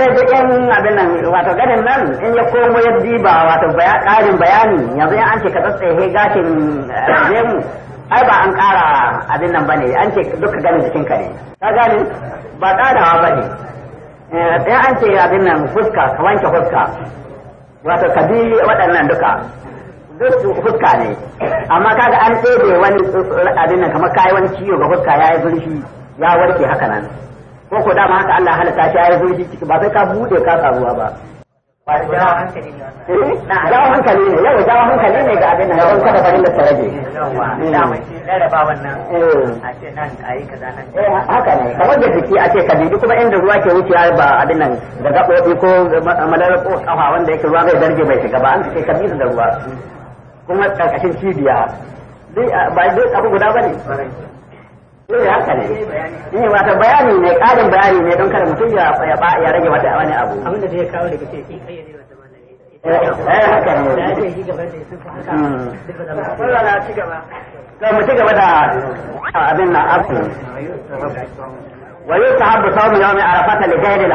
dai da yan abin nan wato ganin nan in ya komo ya diba wato karin bayani yanzu in an ce ka tsatsaye gashin zemu eh, ai ba an ƙara abin nan bane an ce duka ganin jikin ka ne ka gane ba ba ne eh, in an ce abin nan fuska ka wanke fuska wato ka bi waɗannan duka duk fuska ne amma kaga an tsede wani abin nan kamar kayi wani ciwo ga fuska ya yi zurfi ya warke haka nan ko ko dama haka Allah halatta shi ya zo ciki ba sai ka bude ka sabuwa ba jawo eh, hankali ne yau jawo hankali ne ga abin nan don kada farin da sarage hmm. eh. eh, haka ne kamar da jiki a ce kadidi kuma inda ruwa ke wucewa ba abin nan da gaɓoɓi ko malar ko kafa wanda yake ruwa bai darge bai shiga ba an ce kabisu da ruwa kuma karkashin cibiya ba dai abu guda ba ne Eh ne. Eh bayani ne ƙarin bayani ne don kada mutum ya ya rage wata wani abu. Abin da zai kawo Da ya yi gaba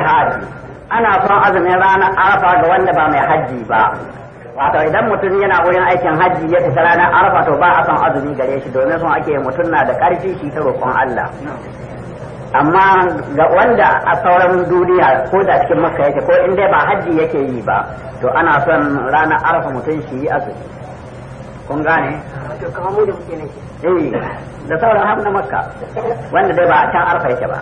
hmm. abu. Ana son azumin ranar arafa ga wanda ba mai hajji ba. wato idan mutum yana wurin aikin hajji ya tafi ranar arafa to ba a son azumi gare shi domin sun ake mutum na da ƙarfi shi ta roƙon Allah amma ga wanda a sauran duniya ko da cikin makka yake ko in dai ba hajji yake yi ba to ana son ranar arafa mutum shi yi azumi kun gane eh da sauran har na makka wanda dai ba a can arafa yake ba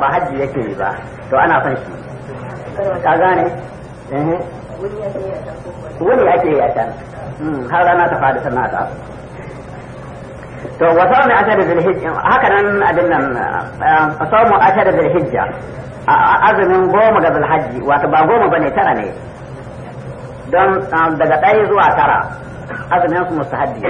ba hajji yake yi ba to ana son shi ka gane eh wani ake yi a can hmm, har rana ta faɗi sannan ta to wa sawmi ashara zil hijja haka nan abin nan uh, sawmu ashara zil hijja azumin goma ga zulhajji wato ba goma ne tara ne don um, daga ɗaya zuwa tara azumin su mustahabbi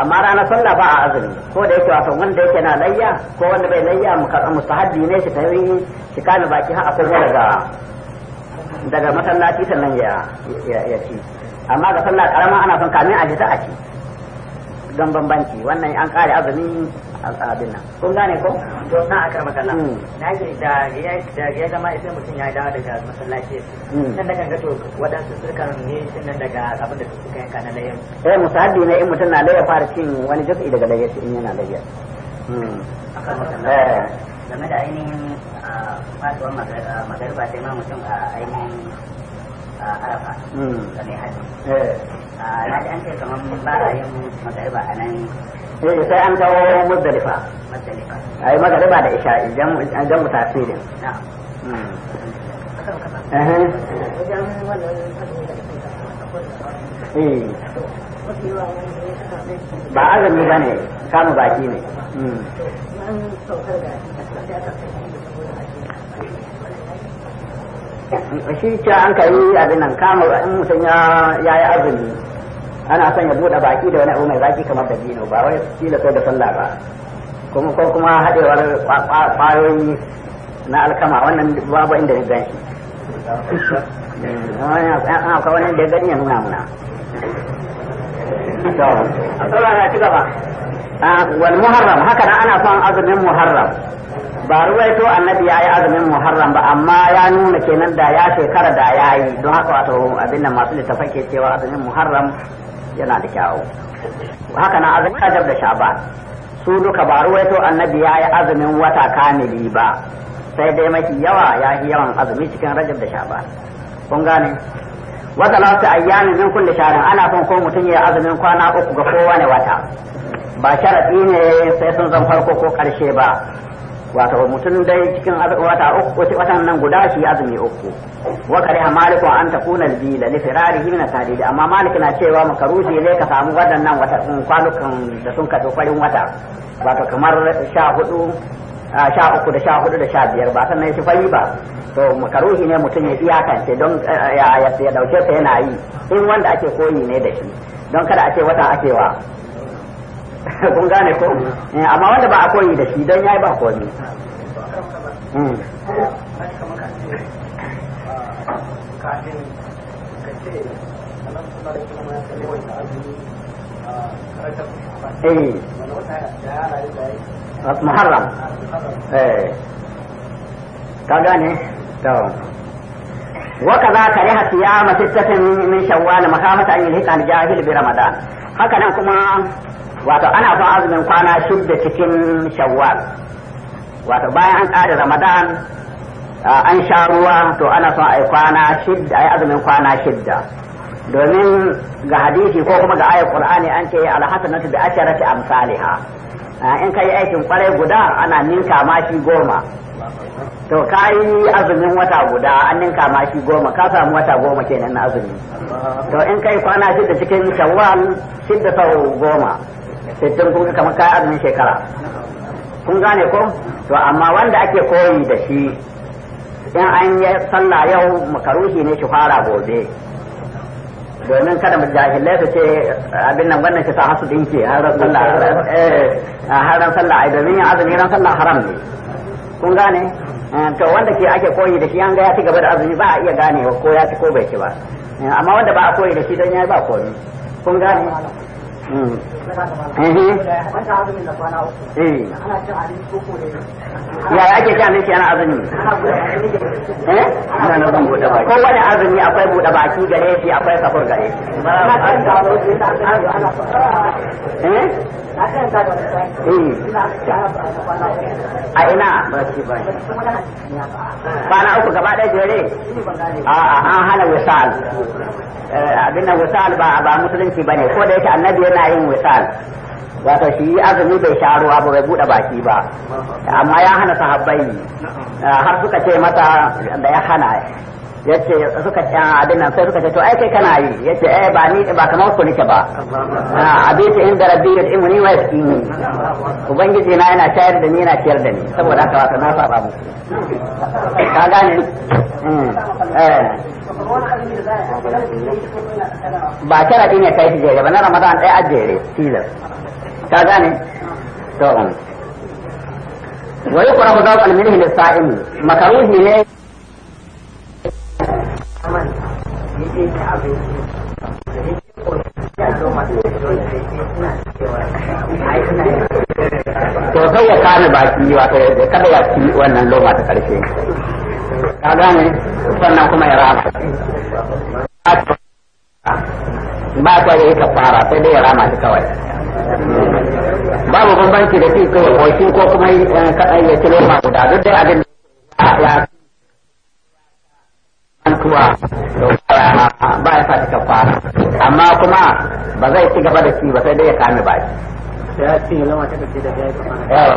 amma ranar sallah ba a azumi ko da yake wato wanda yake na layya ko wanda bai layya mustahabbi ne shi ta yi shi kana baki har a daga daga masallaci sannan ya ya ci amma ga sallah karama ana son kamin a ta a ci don bambanci wannan an kare azumi al'adun nan kun gane ko to na aka makalla hmm. na ke da ya zama ita mutum ya dawo daga masallaci hmm. nan da gato wadansu sukan ne nan daga abin da suka yanka na layyar eh musaddi ne in mutum na layyar fara cin wani juz'i daga layyar in yana layyar hmm. game da ainihin fasuwar magariba sai ma mutum a ainihin arafa da mai hajji na ji an ce kamar ba a yin magariba a nan sai sai an dawo muzdalifa muzdalifa ai magariba da isha idan idan mutasirin ba azumi ba ne kama baki ne shi ce an ka yi abin nan kama in mutum ya yi azumi ana son ya buɗe baki da wani abu mai zaki kamar da dino ba wai kila sai da sallah ba kuma ko kuma haɗewar ƙwayoyi na alkama wannan babu inda ya gan shi an akwai wani da ya gani ya nuna muna wal muharram haka ana son azumin muharram ba to annabi ya yi azumin muharram ba amma ya nuna kenan da ya shekara da ya yi don haka wato abin nan masu littafai ke cewa azumin muharram yana da kyawu haka na azumin kajar da sha'ban su duka ba to annabi ya yi azumin wata kamili ba sai dai mafi yawa ya yi yawan azumi cikin rajab da sha'ban kun gane wata lafi ayyamin min kulli shahrin ana son ko mutum ya azumin kwana uku ga kowane wata ba sharafi ne sai sun zan farko ko ƙarshe ba wato mutum dai cikin wata uku watan nan guda shi azumi uku wa kare maliku an takuna albila li firarihi min tadid amma malik na cewa makaruhi ne ka samu waɗannan wata mm, kwanukan da sun ka farin wata wato kamar sha hudu sha uku da sha hudu da sha biyar ba sannan shi fari ba to makaruhi ne mutum ya iyakance don eh, ya dauke ta yana yi in wanda ake koyi ne da shi don kada a ce wata akewa kun gane ko eh, amma wanda ba a koyi da shi don yi ba koyi hmm. eh. muharram eh. ka gane وكذا كره صيام ستة من شوال مخافة أن يلحق الجاهل برمضان هكذا كما wato ana son azumin kwana shidda cikin shawwal wato bayan an ƙare ramadan an sha ruwa to ana son a yi kwana shidda a azumin kwana shidda domin ga hadisi ko kuma ga ayat qur'ani an ce alhasanatu bi asharati amsalha in ka yi aikin kwarai guda ana ninka mashi goma to ka yi azumin wata guda an ninka mashi goma ka samu wata goma kenan na azumi to in kai kwana shida cikin shawwal shida sau goma sittin kun kamar kayan azumin shekara kun gane ko to amma wanda ake koyi da shi in an yi sallah yau makaruhi ne shi fara gobe domin kada mu jahilai su ce abin nan wannan ki sa hasu dinki har sallah eh, har ran sallah ai domin yin azumi ran sallah haram ne kun gane eh, to wanda ke ake koyi da shi an ga ya ci gaba da azumi ba a iya ganewa ko ya ci ko bai ci ba eh, amma wanda ba a koyi da shi don ya ba komi kun gane yaya mm. mm-hmm. eh. ake ci abinci ana azumi eh? ko wani azumi akwai buɗe baki gare shi akwai safur gare shi eh? a ina kwana uku gaba ɗaya jere a an hana wisal abin nan wisal ba musulunci ba ne ko da yake annabi ya yana yin misal wato shi azumi bai sha ruwa ba bai bude baki ba amma ya hana sahabbai har suka ce mata da ya hana yace suka ah, abin nan sai suka ce to ai kai kana yi yace eh ba ni ba kamar ku nake ba a ah, abin ta inda rabbi ya wai wa yaskini ubangiji na yana shayar da ni yana ciyar da ni saboda haka wata na saba mu ka gane hmm. eh. ba sharaɗi ne kai jere ba na ramadan ɗaya ajere tilas ka gane to um. wa yukrahu dawal minhu lis-sa'im makaruhi ne sai ai to sai ya kame baki wato kada ya ci wannan loma ta karshe ka gane sannan kuma ya rama ba ta da ita fara sai dai ya rama kawai babu bambanci da shi ko ko kuma eh, kaɗai ya ci loma guda duk dai abin ya mutuwa ba ya sa cikin fara amma kuma ba zai ci gaba da ci ba sai dai ya kame baki ya eh. Eh.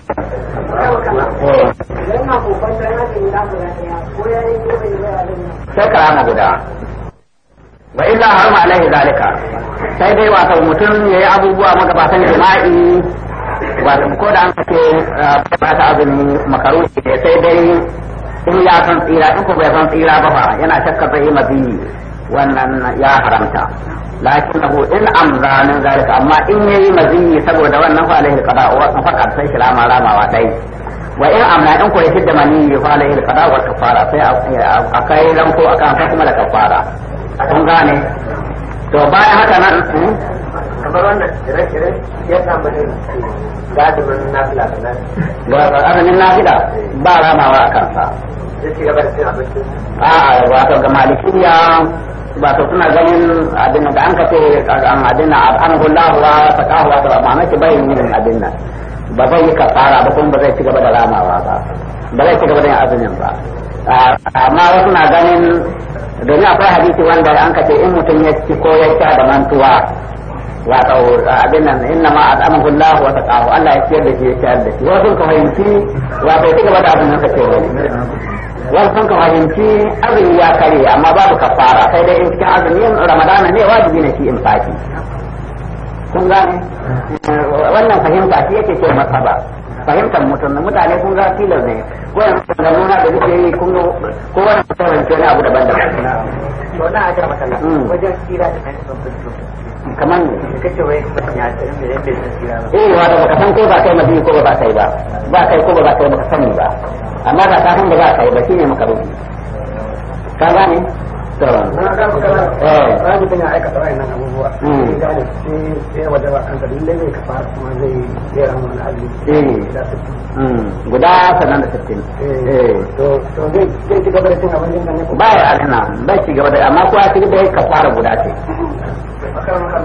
sai guda wa illa harma alaihi zalika sai dai wato mutum ya yi abubuwa magabatan jima'i wato ko da an kace eh, ba ta azumi makaruci sai dai in ya san tsira in ku bai san tsira ba ba yana shakka zai bi wannan ya haramta lakin lahu in amza min zalika amma in yayi maziyi saboda wannan fa alaihi qada wa faqad sai shi lama wa dai wa in amna in ku yake da mani fa alaihi qada wa kafara sai a kai ran ko fa kuma da kafara kun gane to bayan haka nan hmm? kamar wannan ire-ire ya samu ne gadimin nafila da nan ba azumin nafila ba ramawa a kansa a'a wato ga malikiya wato suna ganin abin da an kace abin da an hullahu wa faqahu wa ba ma ce bai yin abin nan ba zai yi ba kuma ba zai ci gaba da ramawa ba ba zai ci gaba da yin azumin ba amma wasu na ganin domin akwai hadisi wanda an kace in mutum ya ci ko ya sha da mantuwa wato abin nan inna ma at'amahu Allah wa taqahu Allah ya ciyar da shi ya ciyar da shi wasu ka fahimci wato duk wanda abin nan kace wani wasu ka fahimci azumi ya kare amma babu kafara sai dai in cikin azumin Ramadana ne wajibi ne shi in faki kun gane wannan fahimta shi yake ce masaba fahimtar mutum mutane kun ga filar ne wannan nuna da duke yi kun ko wannan ke ne abu daban-daban. Wannan a jama'a wajen tsira da fahimtar kamar ne kace wai ya da eh, baka san ko ba kai madini ko ba kai ba ba kai ko ba kai sani ba amma ba ka san da ba kai ba shine makaruhi ka gane na mutum ah. ya aikata wa'annan abubuwa hmm. sai gane sai ya waje kanta duk lai ka fara kuma zai hmm. sittin hmm. guda sannan da sittin eh. Eh. to zai ci gaba da cin ne ba ya ci gaba da amma ci gaba guda ce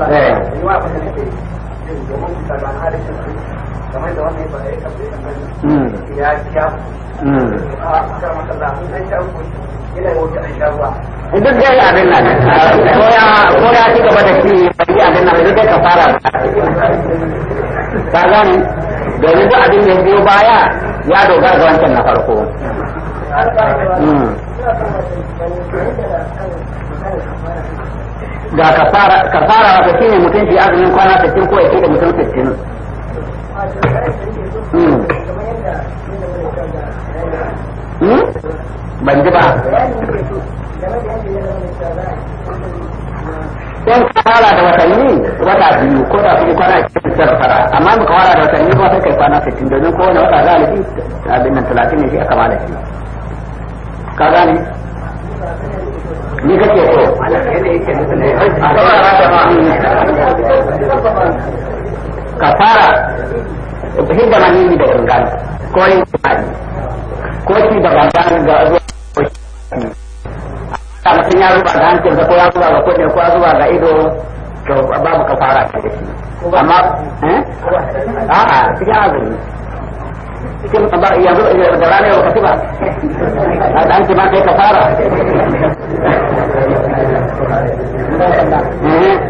yi eh. wa abin da domin ga da ya a da an sha duk dai abin nan ko ya ko ya ci gaba da shi bai abin nan duk dai ka fara ka gani domin duk abin da biyo baya ya dogara ga wancan na farko ga kafara kafara wata shine mutum shi azumin kwana 60 ko ya ce da mutum 60 Hmm. Hmm? ban ji ba sai ka da watanni wata biyu ko da kuma kwana fara amma da watanni sai kai kwana domin wata za a lafi abin nan ne shi aka ka gane ni so kafara ta hidda manini da gangan ko yin kumari ko ga zuwa a mutum ya zuba ga hancin ko ya zuba ga kudin ko ya ga ido to kafara ta da shi amma a'a cikin azumi cikin ba yanzu da ranar ba ba ma kafara eh?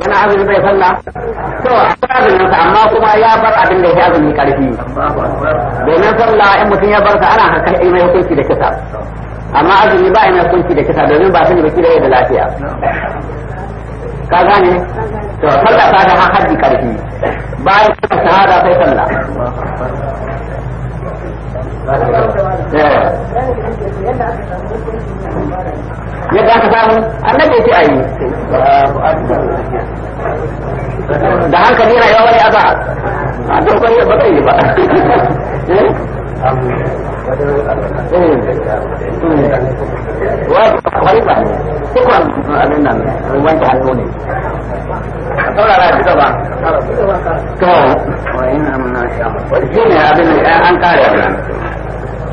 yana azumi bai sallah to azumin sa amma kuma ya bar abin da ya azumi karfi domin sallah in mutum ya bar sa ana hankali ilmai mai hukunci da kisa amma azumi ba yana hukunci da kisa domin ba sun ba kira da lafiya ka gane to sallah ta da haddi karfi bayan shahada sai sallah Eh. yadda aka samu annabi ce ayi da hankali a don kwanye ba zai yi ba eh. eh. wani ba ne abin nan ne to shi ne abin an kare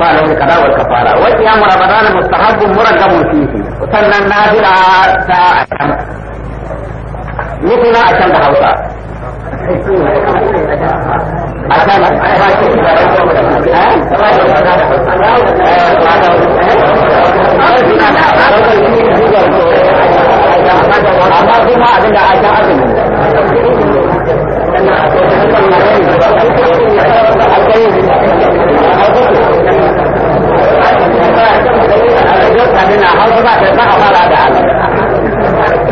له القضاء والكفارة وصيام رمضان مستحب مرغب فيه وسنن نافلة ساعة مثل أشم بحوصة أشم amma kuma abin da aka azumin da Allah tana hausa ba ta ba a fara da Allah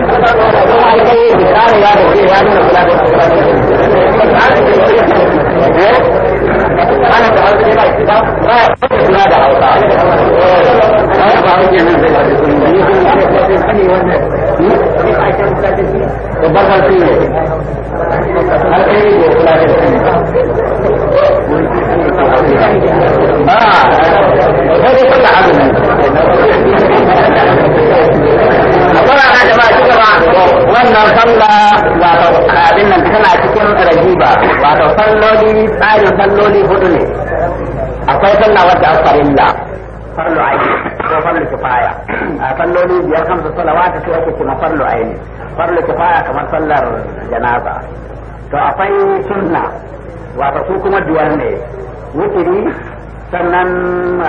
kuma ita yi bikarewa da cewa nuna kula da ana da hausa ne ba ba ya kula da hausa ba wajen nan zai ba da kuma yi babbar harfi ne harfi ne ke kula da shi ba sai dai kuka abu wannan sallah wato abin nan tana cikin rajiba wato salloli tsarin salloli hudu ne akwai sallah wadda a farilla farlo aini ko farlo kifaya a salloli biyar hamsa salawata su ake kuma farlo aini farlo kifaya kamar sallar janaza to akwai sunna wato su kuma duwar ne wutiri sannan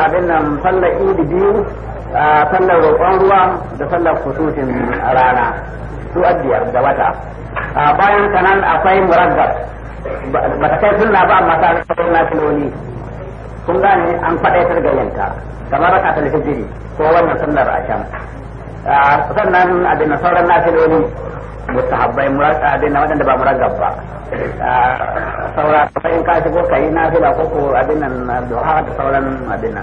abin nan sallar idi biyu sallar roƙon ruwa da sallar kusurcin rana su a biyar da wata a bayan sanan akwai murabbas ba ta kai sunna ba amma ta kai na filoli kun gane an ta ga yanka kamar raka ta lifijiri ko wannan sunnar a can sannan abin na sauran na filoli mustahabbai abin na waɗanda ba muraggab ba sauran in ka shigo ka yi na fila ko abin nan da sauran abin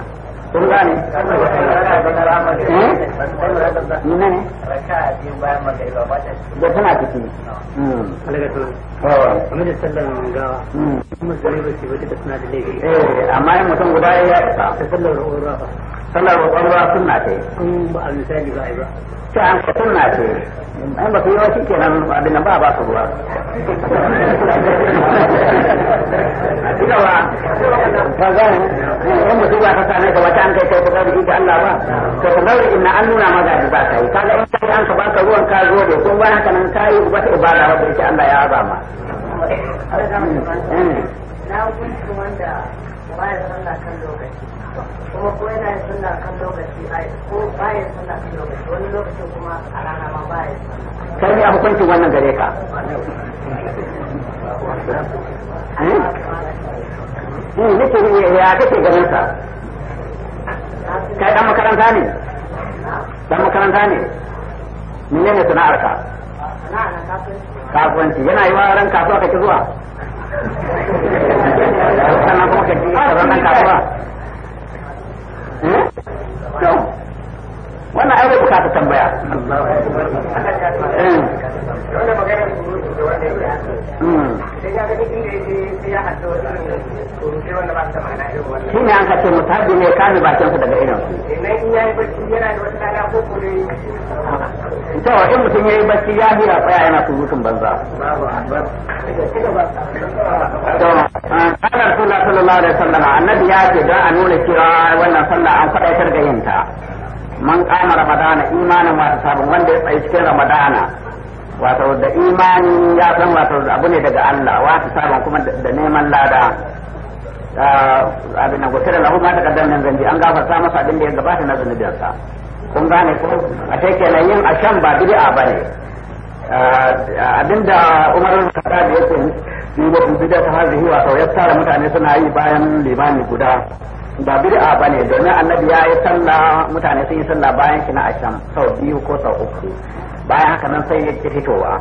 kun gane eh? nuna ne da tana ciki hmm. oh. hmm. eh, amma yin mutum guda ya yi ta sallar sallar roƙon ruwa sunna ce. ba a misali ba ba. ta an ka sunna ce. an ba su yi wasu kenan abin ba ba su ruwa. ba ba za mu in mutu ba ka same ka wata an kai kai kusa da ita Allah ba. inna an nuna maza da ka yi kaga in kai an ka baka ruwan ka zo da ko nan ka yi wata ibada wata ita Allah ya azama. Na wanda baya sallah kan lokaci kuma ko yana yin sallah kan lokaci ko baya sallah kan lokaci wani kuma a rana ma sallah kai ne a wannan gare ka eh? hmm, nake ya kake ganin sa kai dan makaranta ne dan makaranta ne menene sana'arka kasuwanci yana yi wa ran kasuwa kake zuwa sannan kuma ka ji tsaron nan kasuwa wannan ai bai bukata tambaya shi ne an kace mu tabi ne k'a kame bakin su daga irin su to in mutum yayi bacci ya hira tsaya yana surutun banza to kana rasulullahi sallallahu alaihi wasallam annabi ya ce don a nuna cewa wannan sallah an faɗaitar da yin ta man kama ramadana imanin wata sabon wanda ya tsaye cikin ramadana wata da imani ya san wato abu ne daga Allah wata sabon kuma da neman lada ah, abin nan gusirin lahu ma takardar nan zanji an gafarta masa abin da ya gabata na zunubiyarsa kun gane ko a teke kenan yin shan ba bid'a ba ne ah, abinda umar al da yake yi wa bid'a ta hazihi wa ya tara mutane suna yi bayan limani guda ba bid'a ba ne domin annabi ya yi sallah mutane sun yi sallah bayan shi na asham sau biyu ko sau uku bayan haka nan sai ya fitowa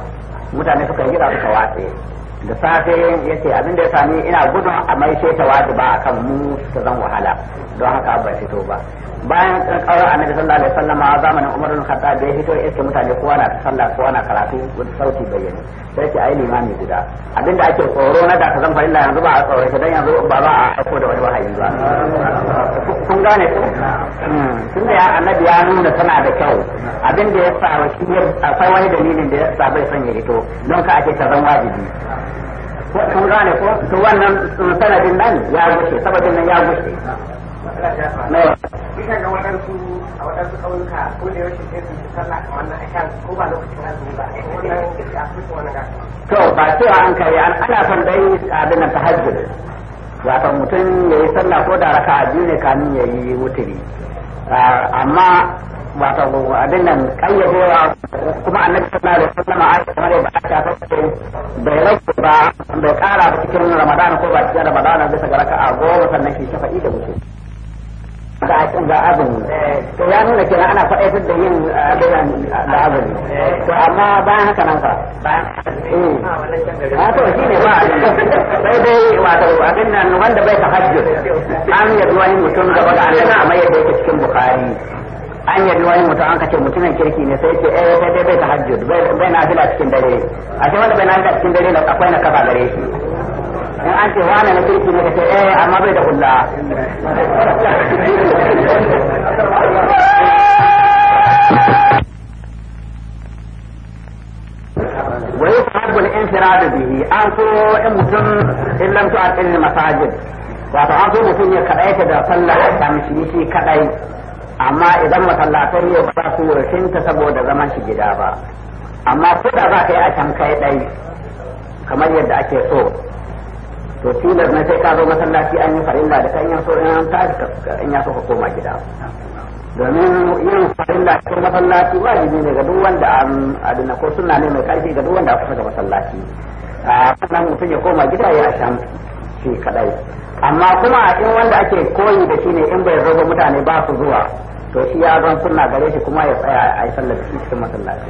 mutane suka yi suka watse da safe ce abin da ya sami ina gudun a mai sheta ta wajiba akan mu ta zan wahala don haka ba fito ba bayan kaura da sallallahu alaihi sallama a zamanin Umar bin Khattab ya fito iske mutane kowa na ta sallah kowa na karatu wani sauti bayyane sai ce ai mai guda abinda ake tsoro na da ka zan fahimta yanzu ba a tsoro ta dan yanzu ba za a ɗauko da wani wahayi ba kun gane ko tunda ya annabi ya nuna tana da kyau abinda ya sa wa shi akwai wani dalilin da ya sa bai son ya don ka ake ta zan wajibi kun gane ko to wannan mm, sanadin nan ya gushe saboda nan ya gushe bisa ba waɗansu a waɗansu yi sallah na ko ya to ba an kai an ana son dai abin nan tahajjud wato mutum ya yi sallah ko da raka'a biyu ne kamin ya yi wuturi ah, amma ta wato abin nan kayyadewa kuma annabi sallallahu alaihi wasallam a kamar yadda aka faɗa bai rage ba bai ƙara ba cikin ramadan ko ba cikin ramadan bisa ga raka'a goma sannan shi shafa'i da wuce ga akin ga azumi to ya nuna kenan ana faɗaitar da yin abin nan da azumi to amma bayan haka nan fa a hmm. ah, to shi ne ba sai dai wato abin nan wanda bai ta tahajjud an yabi wani mutum da gaba da Allah kamar yadda yake cikin bukhari an yi wani mutum an kace mutumin kirki ne sai ce eh sai dai bai tahajjud bai na fila cikin dare a ce wanda bai na fila cikin dare na akwai na kaza gare shi in an ce wani na kirki ne kace eh amma bai da hulla wa yuhabbu al-insirad bihi an ko in mutum in lam tu'atil masajid wato an so mutum ya kadaita da sallah da shi shi kadai amma idan masallatai yau ba su ta saboda zaman shi gida ba amma ko da za ka yi a can kai ɗai kamar yadda ake so to tilas na sai ka zo masallaci an yi farilla da kan so in an tashi in ya so ka koma gida domin yin farilla ko masallaci wajibi ne ga duk wanda an adina ko suna ne mai karfi ga duk wanda aka saka masallaci a wannan mutum ya koma gida ya shan shi kadai amma kuma in wanda ake koyi da shi ne in bai zo mutane ba su zuwa to shi ya zan sunna gare shi kuma ya tsaya a yi sallar shi cikin masallaci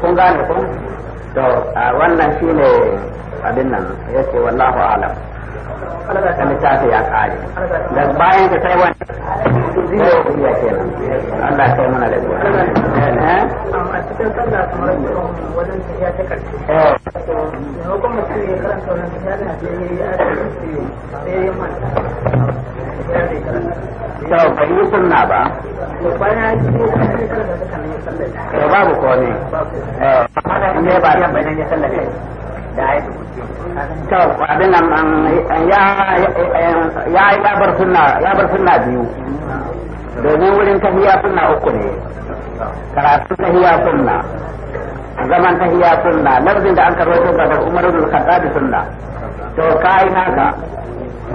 kun gane ko to wannan shi ne abin nan ya ce wallahu alam ta littafi ya kare da bayan ka sai wani zai ya ke nan Allah kai mana da zuwa a cikin sallah kamar wajen ta karshe kyau yi sunna ba to babu komai eh ne ba ya nan ya ya ya bar sunna ya bar sunna biyu domin wurin tahiya sunna uku ne karatu tahiya sunna zaman tahiya sunna lafzin da an karɓar daga Umar ibn Khattab sunna to kai naka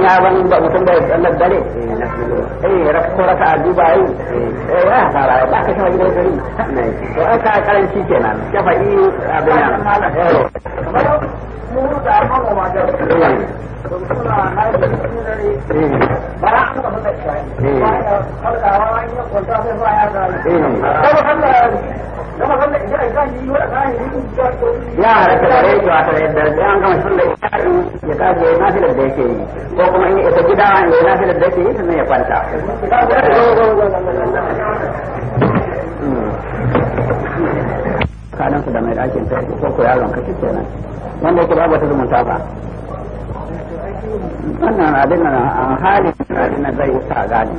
ina wani da mutum da tsallar dare eh raka ko raka biyu ba yi eh ya fara ba ka shafa gidan gari to an ka karanci kenan shafa yi abin nan kamar mu da an ma da suna na da dare bara an ka fada shi ba ya farkawa in ya kwanta sai ba ya ga eh kuma ya halatta da rai to a tare da an gama sallah ya ya nafi da yake yi ko kuma in ya gida ya nafi da yake yi sannan ya kwanta kanan da mai ɗakin ta ko ko yaron ka nan wanda yake babu wata zumunta ba wannan abin nan halin na zai sa gani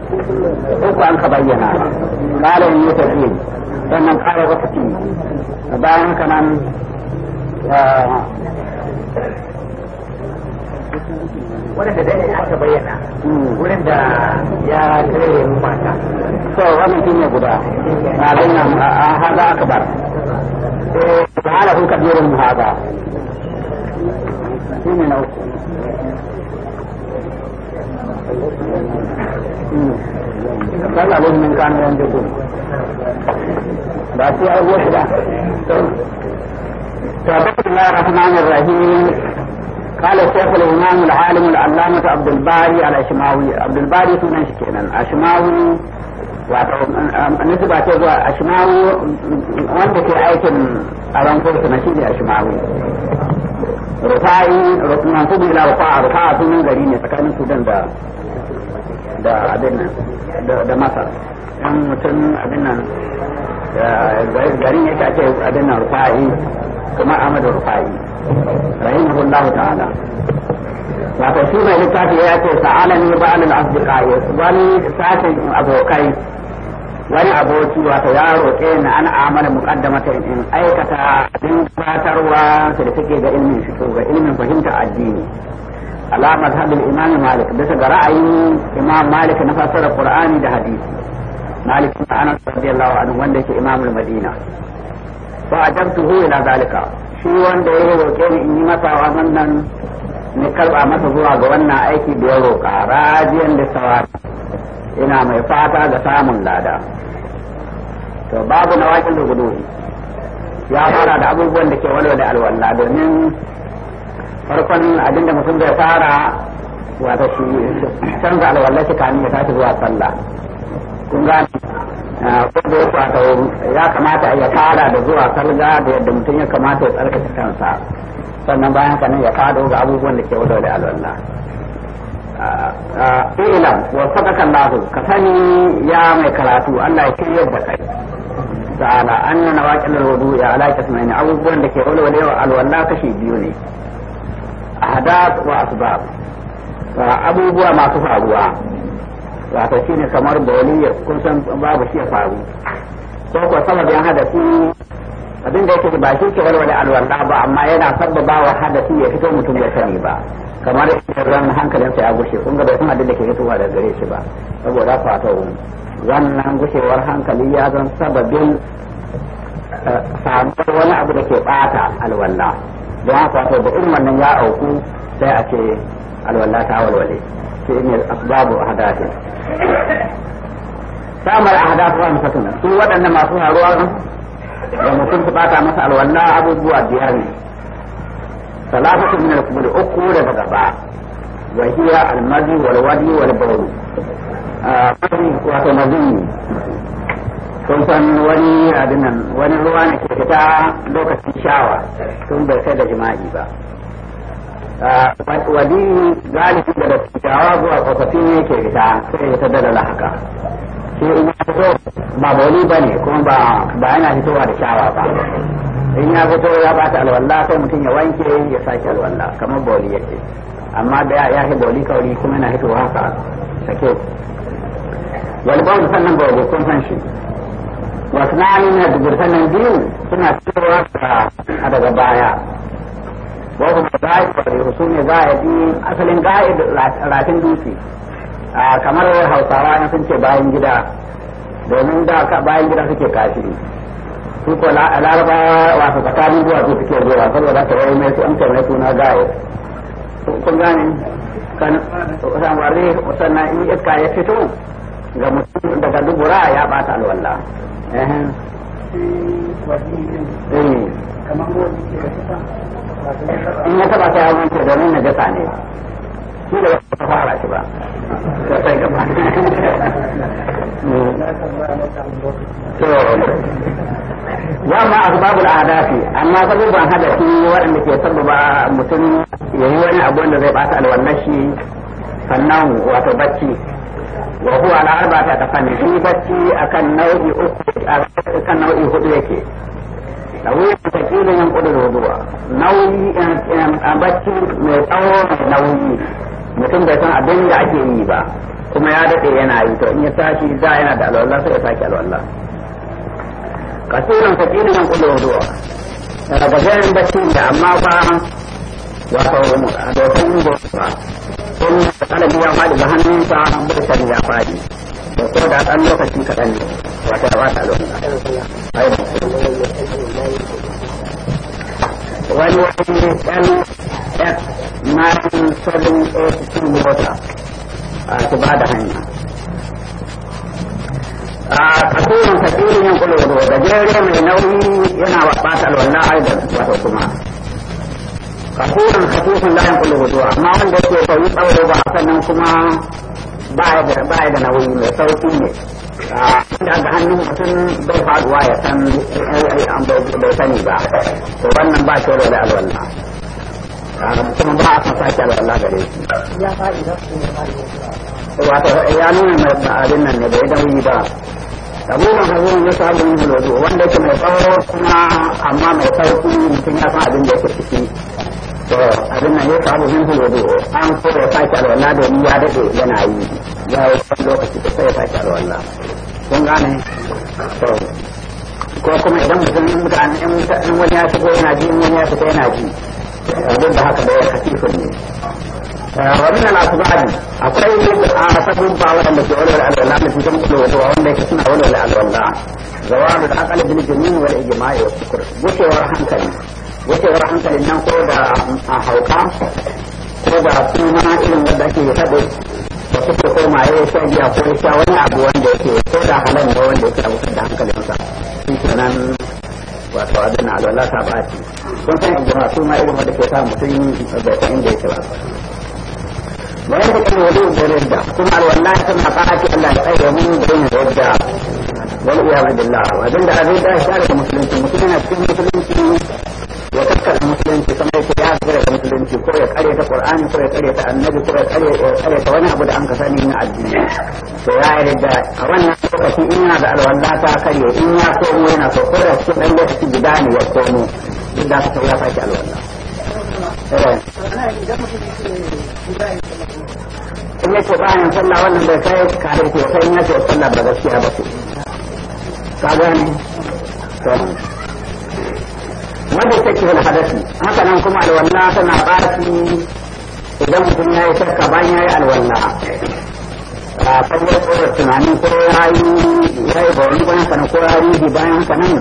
uku an bayyana kala in yi tafi sannan wata ci bayan haka nan wani da aka bayyana hmm. wurin da ya kare yi mata so guda hada قال عليه من كان ينجدون بعد سؤال وحدة بسم الله الرحمن الرحيم قال الشيخ الإمام العالم العلامة عبد الباري الأشماوي عبد الباري سنة شكينا الأشماوي نسبة zuwa ashmawi wanda ke aikin a rankur na shi ne ashmawi rufai mansubi ila rufa rufa sunan gari ne tsakanin sudan da da abin nan da masar in mutum abin nan garin yake ce abin nan rufa'i kuma amadu rufa'i rahimahullahu ta'ala wato shi mai littafi ya ce ta'ala ne ba alal asdiqa wani sashen abokai wani aboki wato ya roƙe na an amana muqaddamata in aikata din fatarwa da take ga ilmin fito ga ilmin fahimta addini ala mazhabin imam malik bisa ga ra'ayin imam malik na fasara qur'ani da hadisi malik ibn anas radiyallahu anhu wanda yake imamul madina fa ajabtuhu ila zalika shi wanda ya roƙe ni in yi masa wannan ni karba masa zuwa ga wannan aiki da ya roƙa rajiyan da sawabi ina mai fata ga samun lada to babu nawakin da gudu ya fara da abubuwan da ke walwala alwala domin farkon abinda mutum zai fara wata shi canza alwallar shi kamin ya tashi zuwa sallah kun gane ah, ko da yake wata ya kamata ya fara da zuwa salga da yadda mutum ya kamata ya tsarkake kansa sannan bayan kanin ya fado ga abubuwan da ke wadole alwallah ah, ilam wa sadaka Allah ka sani ya mai karatu Allah ya kiyar da kai ta'ala anna nawaqil wudu ya ala kasmaini abubuwan da ke walwalewa alwala kashi biyu ne ahdaf wa asbab abubuwa masu faruwa wato shine kamar boli kun san babu shi ya faru ko ko saboda yan hadasi abin da yake ba shi ke walwala alwanda ba amma yana sabbaba wa hadasi ya fito mutum ya sani ba kamar idan ran hankalinsa ya gushe kun ga bai san abin da ke fitowa daga gare shi ba saboda fato wannan gushewar hankali ya zan sababin eh, samuwar wani abu da ke bata alwala da ya kwato da irin wannan ya auku sai a ce alwala ta walwale shi ne asbabu ahadathi samar ahadathi wa musatuna su waɗannan masu haruwa da mutum su bata masa alwala abubuwa biyar ne salatu min al-kubur uku daga gaba wa hiya al-madi wal wadi wal bawl ah, wato mazini kun san wani abin nan wani ruwa na ke fita lokacin shawa tun bai kai da jima'i ba wani galibi daga shawa zuwa kwasafi ne ke fita sai ya tada da haka shi in ya fito ba boli ba ne kuma ba yana fitowa da shawa ba in ya fito ya bata alwallah sai mutum ya wanke ya sake alwallah kamar boli yake amma da ya fi boli kauri kuma yana fitowa haka sake walban sannan ba kun san shi wasu na nuna digirsan nan biyu suna cewa a daga baya wasu da ga'id su ne yi asalin ga'id rafin dutse kamar hausawa na sun ce bayan gida domin da bayan gida suke kashi su ko larabawa wasu tsakanin su suke zuwa saboda ta yi mai su an kai suna ga'id kun gane kan sannan in iska ya fito ga mutum daga dubura ya bata alwala Eh. Eh. in ya taba sai hawan ta domin na jasa ne shi da wata fara shi ba ta sai gaba wamma asbabul ahdafi amma sababban hadafi waɗanda ke sababa mutum yayi wani abu wanda zai bata alwallar shi sannan wato bacci وهو على أربعة arba'ati في بكي bacci akan nau'i uku نوعي nau'i hudu yake nauyi takilin yan kudu da wuduwa nauyi bacci mai mai nauyi mutum bai san abin da ake yi ba kuma ya daɗe yana yi to in ya tashi da yana da alwala sai ya sake alwala kasirin yan daga bacci da amma ba wato in alabi ya faɗi ga hannunsa bai ya faɗi da ko da ɗan lokaci kaɗan ne wata ya lokaci wani wani ɗan ɗan sabon a su ba da hanya a yin kulo da gajere mai nauyi yana bata alwallah aidan kuma fakurin fatihun layin kullu hudu amma wanda yake bai tsawo ba sannan kuma ba da ba da nauyi mai sauki ne ah, inda ga hannun mutum bai faduwa ya san eh, bai sani ba to wannan ba shi da alwala kuma ah, ba a san sake alwala gare shi ya fa'ida wato ya nuna mai abin nan ne bai nauyi ba abubuwan hazin ya samu yin wanda yake mai tsawo kuma amma mai sauki mutum ya san abin da yake ciki to abin nan ya samu hin hulo do an ya sake ya dade yana yi ya yi wani lokaci da sai ya sake alwala kun gane to ko kuma idan mutum in mutane in wani ya shigo yana ji in wani ya fita yana ji duk da haka da ya kaci su ne wa min al asbabi akwai a sabon ba wanda ke walwala alwala ne cikin kulo da wanda yake suna walwala alwala zawalu da aqal bil jami'i wal ijma'i wa sukr gushewar hankali wucewar hankalin nan ko da a hauka ko da kuma irin wanda ake yi taɓo da suke koma ya yi shan giya ko ya sha wani abu wanda yake ko da halan da wanda yake abu da hankalinsa shi kenan wato abin na alwala ta ba ce kun san in jama'a su ma irin wanda ke sa mutum da san inda yake ba wani da kan wani da rinda kuma alwala tana ba ce Allah ya tsaye mun da yin wadda wal iyyazu billah abin da abin da ya share musulunci mutum yana cikin musulunci ya kakkara musulunci kuma yake ya hakura da musulunci ko ya kare ta qur'ani ko ya kare ta annabi ko ya kare ya kare ta wani abu da an ka sani na addini to ya yi yarda a wannan lokaci in yana da alwala ta kare in ya komo yana so ko da cikin dan lokaci guda ne ya komo in za ka ta ya sake alwala eh. in yake bayan sallah wannan bai kai kare ko sai in yake sallah ba gaskiya ba ce ka gane wanda ta ce hadasi haka nan kuma alwala tana baki idan mutum ya yi shakka bayan ya yi alwala a kawai tsoron tunanin ko ya yi ya yi bawani bayan sanan ko ya yi bayan sanan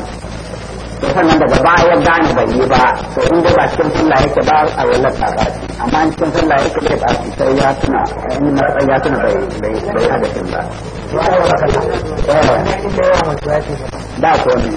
to sannan daga baya gane bai yi ba to in ba cikin sallah yake ba a wallar ta ba amma in cikin sallah yake bai ba sai ya tuna in na ya tuna bai bai bai hada ba eh. da ko ne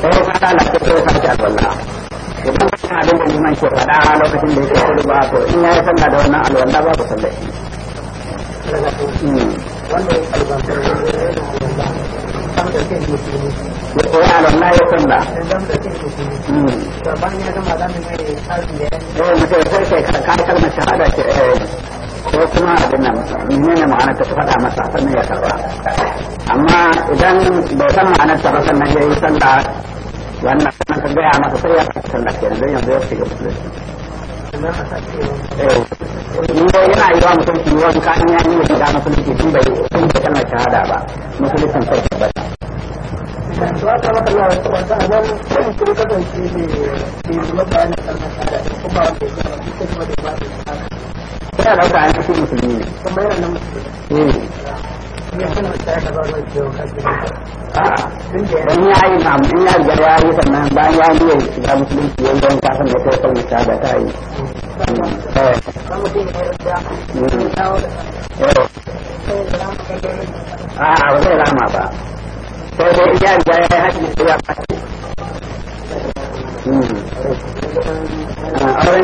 sai ka lalata sai ka ci alwala idan ka abin da liman ke faɗa lokacin da yake kudu ba to in ya yi sallah da wannan alwala ba ku ya alwala ya a kuma abin nan menene ma'anar ta faɗa masa sannan ya karba amma idan bai san ma'anar ta ba sannan ya yi sallah wannan ka gaya masa sai ya karɓi sallah kenan don yanzu ya shiga musulunci eh, yana yi wa musulunci yi kaɗan ya yi wa shiga musulunci tun bai tun bai kalmar shahada ba musulunci sai ta bata to aka maka na wata wata a nan sun kasance ne ne mabani kalmar shahada kuma wanda ya zama duk kuma da ba da yana dauka an shi musulmi ne kuma yana nan musulmi eh. ya yi ya riga ya yi sannan bayan ya yi ya shiga musulunci kasan da da ta yi a ba eh. Eh. rama ba sai dai riga ya yi hajji ya auren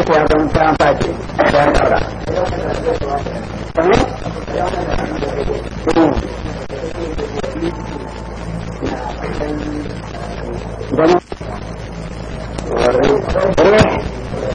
ta don ta face ta daura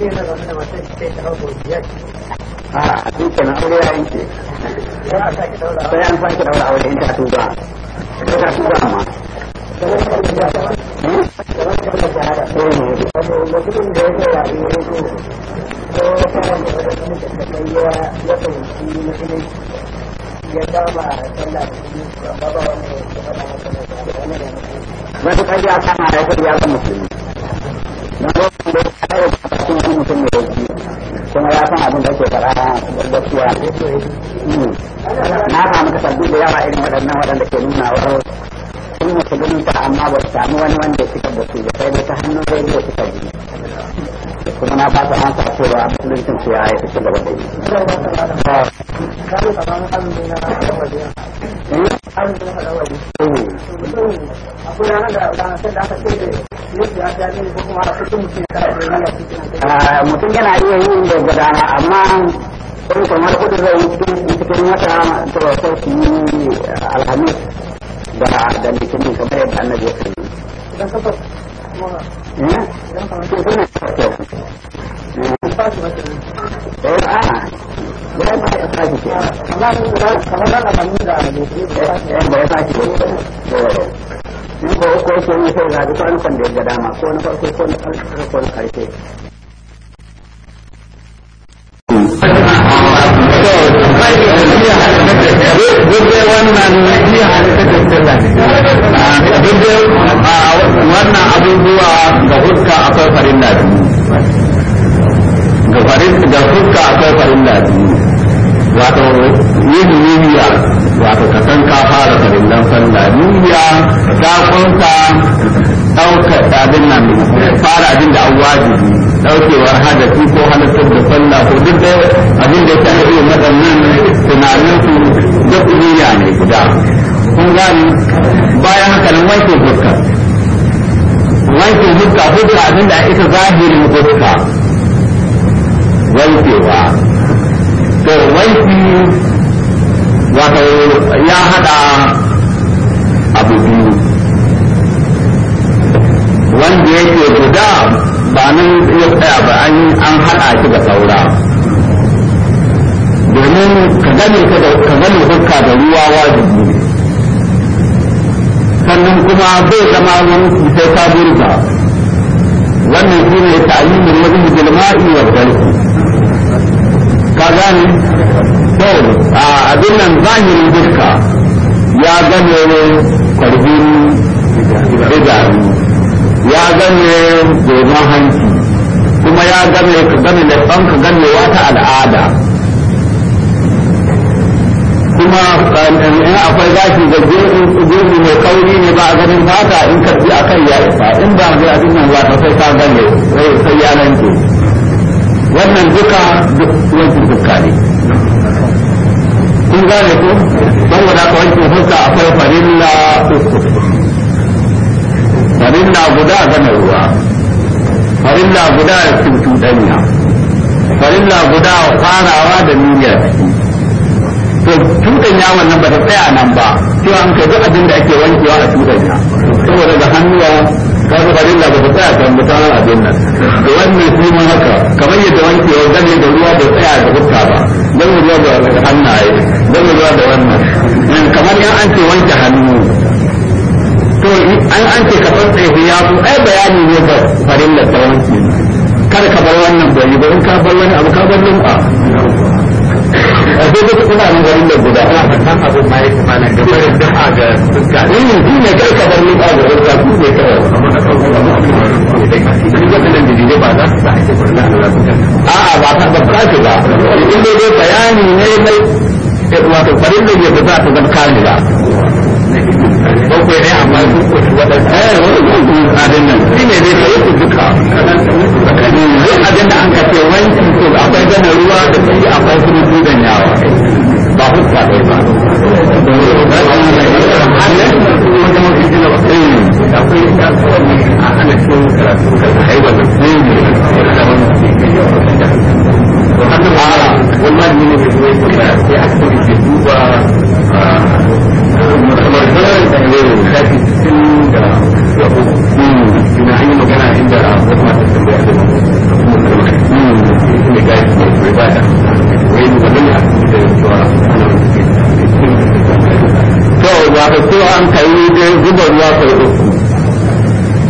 ce yana zaune a duka na aure ya yanke sai an sake daura aure in ta tuba ta ta tuba yi yanzu ko fara da wani da ta kai ya ya fahimci musulunci ya kama sallah da shi ba ba musulmi. abin da ake fara gaskiya na samu takardu da yawa irin waɗannan waɗanda ke nuna wa sun musulunta amma ba su samu wani wanda kika fitar da su ba sai da ta hannun rediyo suka ji kuma na ba su hansa cewa musuluncin su ya yi su gaba da yi. Eh? Eh. mutum yana iya yin da gudana amma kun kamar kudur da cikin wata to sai su yi alhamis da da litinin kamar yadda annabi ya sani dan ya kuma ko ko sun yi sai an kwanukan da ga dama ko na farko ko na ƙarshe ko na ƙarshe imani bayan haka nan wanke fuska wanke fuska fuska abinda ita zahirin fuska wankewa to wanki wato ya hada abu biyu wanda yake guda ba nan ya tsaya ba an an hada shi da saura domin ka gane ka gane hukka da ruwa wajibi sannan kuma bai zama wani sai ka burga wannan shi ne ta yi ta'limin wajen jilma'i wa dalki ka gani to a abin nan zahirin duka ya gane ne kwarbin idanu ya gane domin hanci kuma ya gane ka gane da ɗan ka gane wata al'ada kuma eh, in akwai gashi da gurbi mai kauri ne ba a ganin fata in ka fi a kai ya isa in ba zai abin nan ba sai ka gane sai ya lanke wannan duka wankin fuska ne kun gane ko saboda ka wankin fuska akwai farilla farilla guda gane ruwa farilla guda cutu danya farilla guda farawa da niyyar ciki to tutan ya wannan ba ta tsaya nan ba sai an kai duk abin da ake wankewa a tutan ya saboda da hannuwa ka zo garin da ba ta tsaya kan mutanen abin nan to wannan shi ma haka kamar yadda wankewa zane da ruwa da tsaya da hutta ba dan ruwa da hannaye dan ruwa da wannan kamar yan an ce wanke hannu to an an ce ka tsantsa ya ku ai bayani ne ba farin da tsawon kada ka bar wannan bai ba in ka bar wani abu ka bar lumba sai dai kuna nan garin da guda san ma yake da ne ne ne kai ka bar ni ba da ku ne amma ne da nan ba za su da su a a ba ka ba ka ba in dai dai bayani ne mai da yake za ta ne amma eh wannan ne duk abin da an ka ce wanki to akwai gana ruwa da shi akwai kuma dudan yawa ba hukka ɗaya ba akwai wannan ne a duba martabar da ne magana inda wasu masu tambaya da mutum ne gaji bai ba an kai dai ruwa kai uku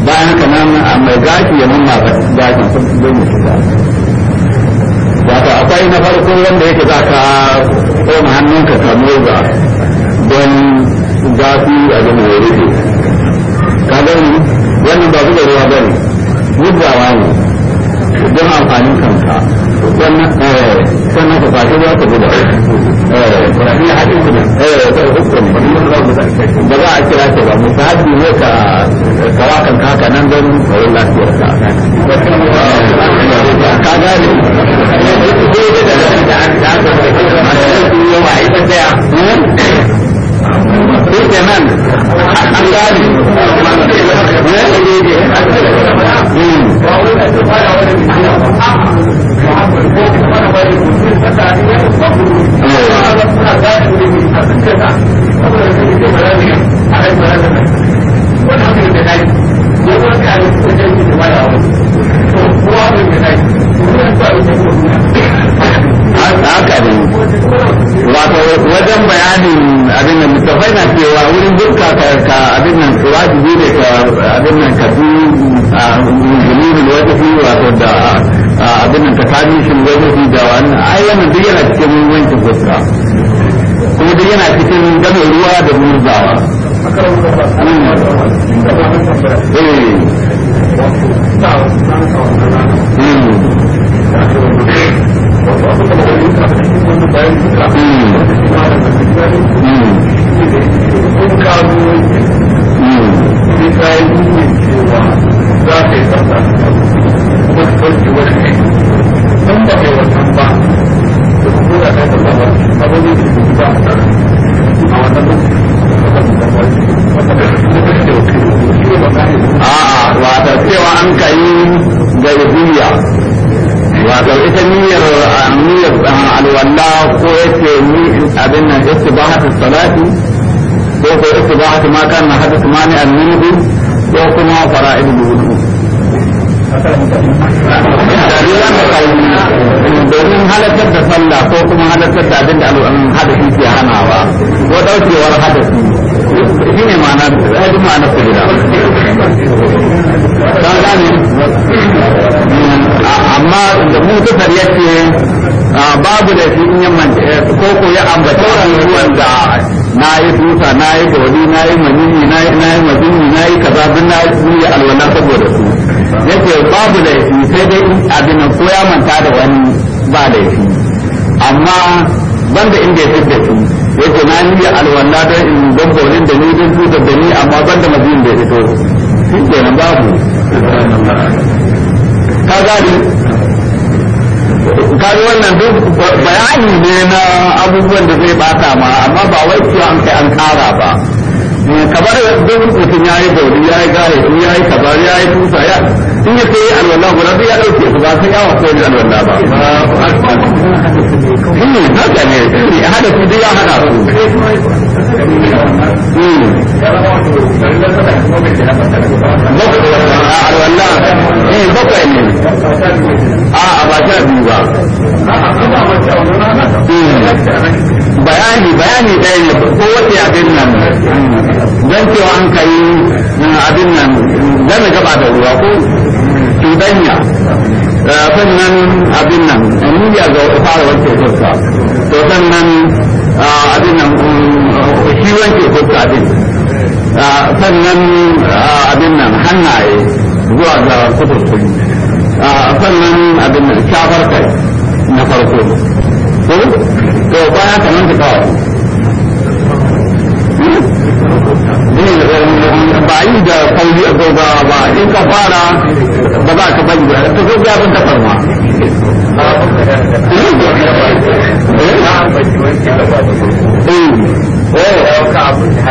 bayan ka a mai gashi ya nuna gashi wata akwai na farko wanda yake za ka koma hannunka ka murza don zafi a zama rufe na yi tusa na yi gauri na yi manini na yi na yi mazini na yi kaza duk na yi alwala saboda su yake babu da laifi sai dai abin ko ya manta da wani ba da laifi amma banda inda yake da shi yake na yi alwala don in don gaurin da ni din su da ni amma banda mazini da yake to shi kenan babu kaza gani kaga wannan duk bayani ne na abubuwan da zai bata ma amma ba wai cewa an kai an kara ba Eh, kamar duk mutum ya yi gauri ya yi gare su ya yi kabar ya yi tusa ya in ya sai alwala guda sai ya dauke su ba sai yawa koyi alwala ba hmm, ne hada su ya hada su hmm. alwala eh bakwai ne a a ba ta biyu ba hmm. bayani bayani ɗaya ne ko wata ya bin nan don cewa an kai abin nan zan gaba da ruwa ko tudanya sannan abin nan ya ga fara wanke fuska to sannan abin nan um, shi wanke fuska din sannan abin nan hannaye zuwa ga kudurkuri sannan abin nan shafar kai na farko ko to baya kamar da kawai ba yi da sauri a gaugawa ba in ka fara ba za ka bari ba ta zo ya ma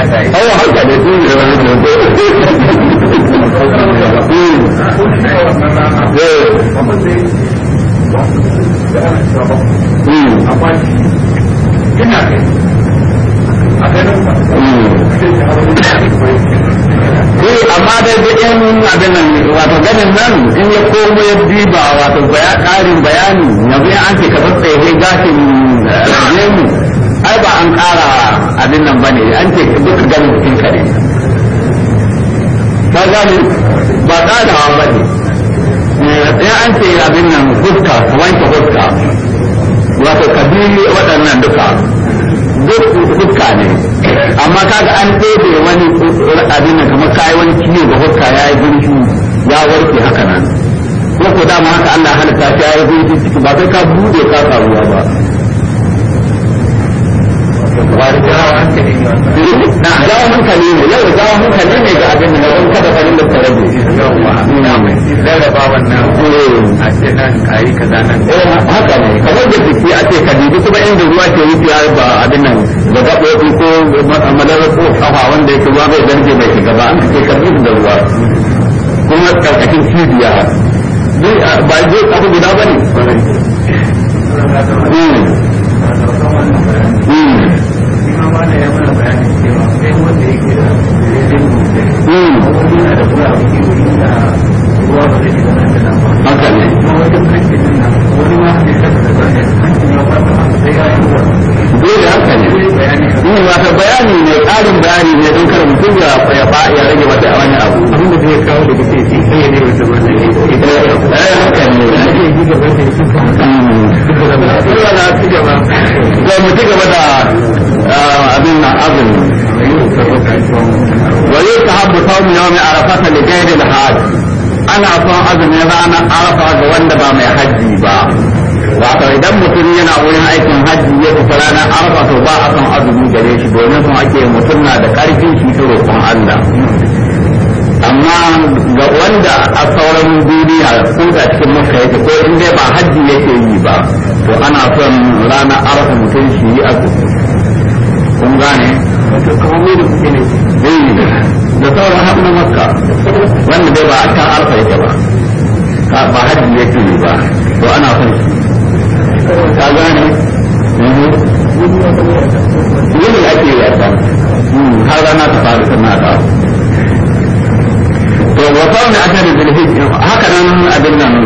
eh, eh. eh ne abin nan bane an ce duk ganin mutum ka ne ka gani ba ƙarawa ba ne ya eh, an ce abin nan fuska wanke fuska wato ka bi waɗannan duka duk fuska ne amma kaga an ɗebe wani abin nan kamar kayi wani ciwo ga fuska ya yi gunshi ya warke haka nan ko ko dama haka Allah halitta ta ya yi gunshi ciki ba sai ka bude ka samu ba na jawo hankali ne yau jawo hankali ne ga abin da kada farin da tare da mai wannan a ce nan kayi kaza nan haka ne kamar da jiki a ce ka dubi kuma inda ruwa ke wuciya ba abin nan ko madarar ko kafa wanda yake ruwa bai zarge bai shiga ba an ce ka dubi da ruwa kuma cibiya ba zai abu guda ba ne kamar mai da kuke ne da sauran har na makka wanda bai ba a ta arfa yake ba ba hajji ya ke ba to ana son su ka gane yini ake yi a har rana ta faru to da haka nan abin nan